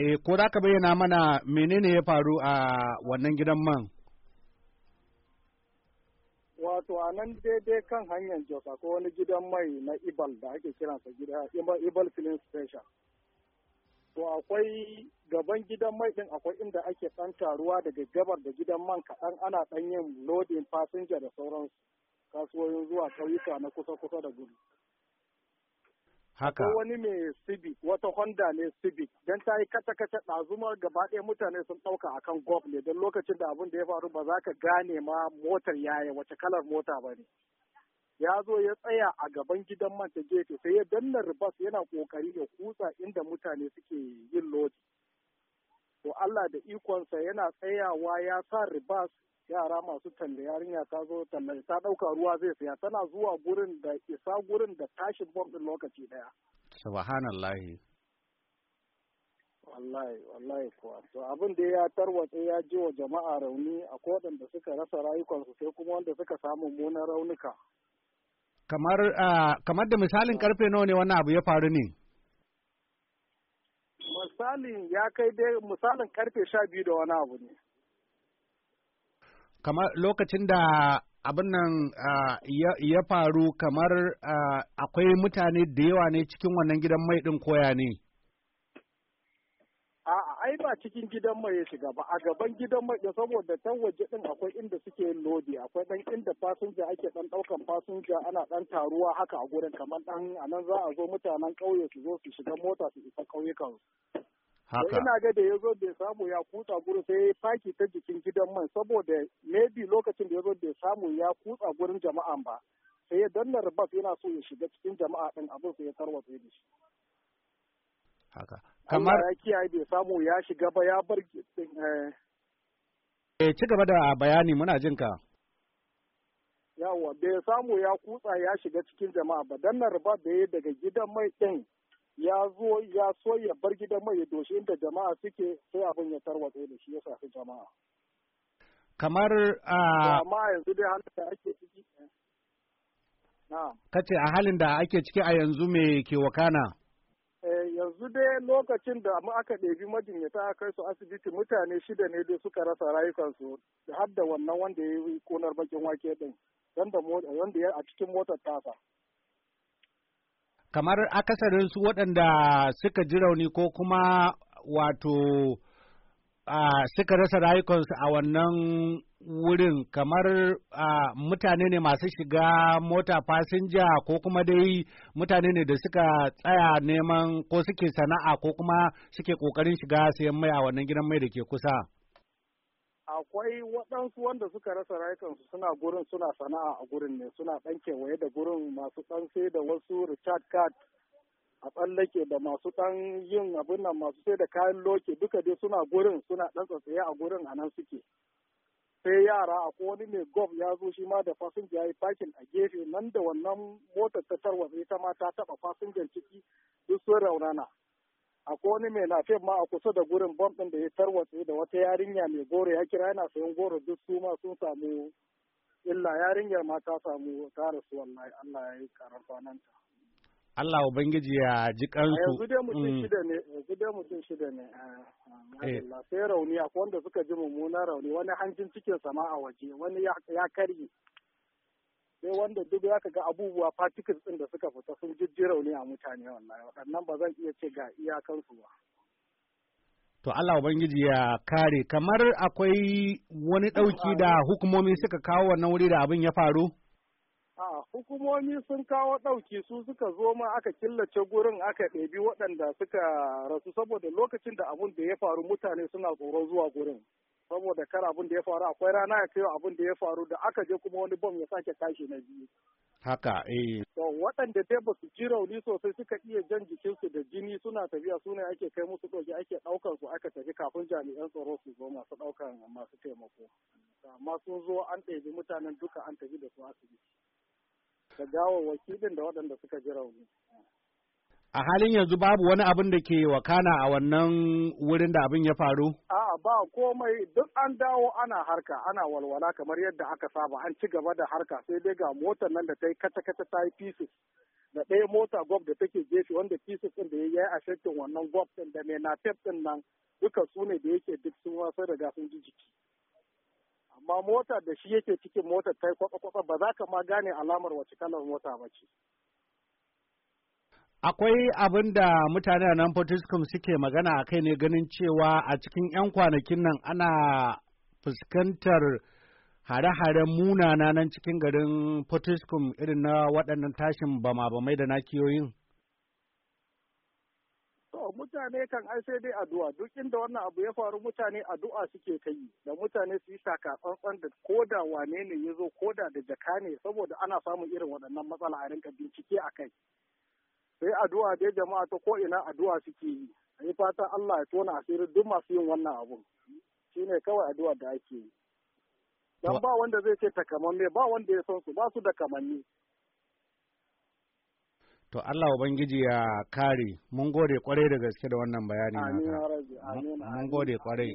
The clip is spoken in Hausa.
Eh, ko za ka bayyana mana menene ya faru a wannan gidan man? Wato a nan daidai kan hanyar Jos akwai wani gidan mai na Ibal da ake kiransa gida Ibal Filin Station. To akwai gaban gidan mai din akwai inda ake ɗan taruwa daga gabar da gidan man kaɗan ana ɗan yin lodin fasinja da sauransu kasuwoyin zuwa ƙauyuka na kusa-kusa da gudu. Haka. Ko wani mai Civic, wata Honda ne Civic, don ta yi kata-kata ɗazumar gaba ɗaya mutane sun ɗauka akan gov ne don lokacin da abin da ya faru ba za ka gane ma motar yaya wace kalar mota ba ne. ya zo ya tsaya a gaban gidan man ta gefe sai ya danna ribas yana kokari ya kutsa inda mutane suke yin lodi to Allah da ikonsa yana tsayawa ya sa ribas yara masu talle yarinya ta zo talle ta ɗauka ruwa zai saya tana zuwa gurin da isa gurin da tashin bom ɗin lokaci ɗaya. Subhanallahi. Wallahi, wallahi kuwa. To abin da ya tarwatse ya ji wa jama'a rauni a da suka rasa rayukansu sai kuma wanda suka samu muna raunuka. Kamar, kamar da misalin karfe nawa ne wannan abu ya faru ne? Misalin ya kai dai misalin karfe sha biyu da wani abu ne. kamar lokacin da abin nan ya faru kamar akwai mutane da yawa ne cikin wannan gidan mai ɗin koya ne? A'a, ai ba cikin gidan mai ya shiga ba, a gaban gidan mai saboda can waje ɗin akwai inda suke yin lodi, akwai ɗan inda fasinja ake ɗan ɗaukan fasinja ana ɗan taruwa haka a gurin kamar ɗan anan za a zo mutanen ƙauye su zo su shiga mota su isa ƙauyukan. haka ina ga da yazo bai samu ya kutsa gurin sai ya faki ta jikin gidan man saboda maybe lokacin da yazo bai samu ya kutsa gurin jama'an ba sai ya danna rabas yana so ya shiga cikin jama'a din abin sai ya tarwatsa da shi haka kamar ya kiyaye bai samu ya shiga ba ya bar eh. eh ci gaba da bayani muna jin ka yawa bai samu ya kutsa ya shiga cikin jama'a ba danna rabas da ya daga gidan mai din ya zo ya so ya bar gidan mai ya doshi inda jama'a suke sai abin ya tarwatsa da shi ya shafi jama'a. Kamar a. Jama'a yanzu dai halin da ake ciki. Eh. Kace a halin da ake ciki a yanzu me ke wakana? Eh, yanzu dai lokacin da mu aka ɗebi majinyata a kai su asibiti mutane shida ne dai suka rasa rayukansu har da wannan wanda ya yi ƙunar bakin wake ɗin wanda a cikin motar tasa. kamar akasarin su waɗanda suka ji rauni ko kuma wato a suka rasa rayukansu a wannan wurin kamar mutane ne masu shiga mota fasinja ko kuma dai mutane ne da suka tsaya neman ko suke sana'a ko kuma suke ƙoƙarin shiga sayan mai a wannan gidan mai da ke kusa. akwai waɗansu wanda suka rasa rayukansu suna gurin suna sana'a a gurin ne suna ɗan kewaye da gurin masu ɗan sai da wasu richard card a tsallake da masu ɗan yin abin nan masu sai da kayan loke duka dai suna gurin suna ɗan tsaye a gurin a nan suke sai yara a wani mai gof ya zo shi ma da fasinja ya yi fakin a gefe nan da wannan motar ta tarwatsa ita ma ta taɓa fasinjan ciki duk sun raunana ko wani mai nafef ma a kusa da gurin bom da ya tarwatse da wata yarinya mai goro ya kira yana sayan goro duk su ma sun samu illa yarinyar ma ta samu ta rasu wallahi Allah ya yi karar kwananta. Allah Ubangiji ya ji kansu. Mm. Yanzu dai mutum shida ne, yanzu dai mutum shida ne. Sai rauni akwai wanda suka ji mummuna rauni wani hancin cikin sama a waje wani ya karye. sai wanda duk zaka ga abubuwa particles din da suka fita sun jijjirau ne a mutane Wannan waɗannan ba zan iya ce ga iyakansu ba to Allah ubangiji ya kare kamar akwai wani ɗauki da hukumomi suka kawo wannan wuri da abin ya faru a hukumomi sun kawo ɗauki su suka zo ma aka killace gurin aka ɗebi waɗanda suka rasu saboda lokacin da abun da ya faru mutane suna tsoron zuwa gurin saboda kar abin da ya faru akwai rana ya kai abin da ya faru da aka je kuma wani bom ya sake tashi na biyu haka eh to waɗanda dai ba su ji rauni sosai suka iya jan jikinsu da jini suna tafiya su ake kai musu ɗauki ake ɗaukar su aka tafi kafin jami'an tsaro su zo masu ɗaukan masu taimako amma sun zo an ɗebi mutanen duka an tafi da su asibiti da gawa wakilin da waɗanda suka ji rauni a halin yanzu babu wani abin da ke wakana a wannan wurin da abin ya faru? A'a ba komai duk an dawo ana harka ana walwala kamar yadda aka saba an ci gaba da harka sai dai ga motar nan da ta yi kata-kata ta yi pieces da ɗaya mota gwab da take gefe wanda pieces ɗin da ya yi a shakkin wannan gwab ɗin da mai na tef ɗin nan duka su ne da yake duk sun wasu daga sun ji jiki. Amma mota da shi yake cikin motar ta yi kwatsa-kwatsa ba za ka ma gane alamar wace kalar mota ba ce. Akwai abin da mutane a nan potiskum suke magana a kai ne ganin cewa a cikin 'yan kwanakin nan ana fuskantar hare-haren munana nan cikin garin potiskum irin na waɗannan tashin bama-bamai da nakiyoyin. mutane kan ai sai dai addu'a duk inda wannan abu ya faru mutane addu'a suke kai da mutane su yi tsantsan da koda wane ne ya zo koda da jaka ne saboda ana samun irin waɗannan matsala a rinka bincike a kai sai addu'a dai jama'a ta ko ina addu'a suke yi a yi fatan Allah ya tona asirin duk masu yin wannan abun shine kawai addu'a da ake yi dan ba wanda zai ce takamamme ba wanda ya san su ba su da kamanni to Allah ubangiji ya kare mun gode kwarai da gaske da wannan bayani naka mun gode kwarai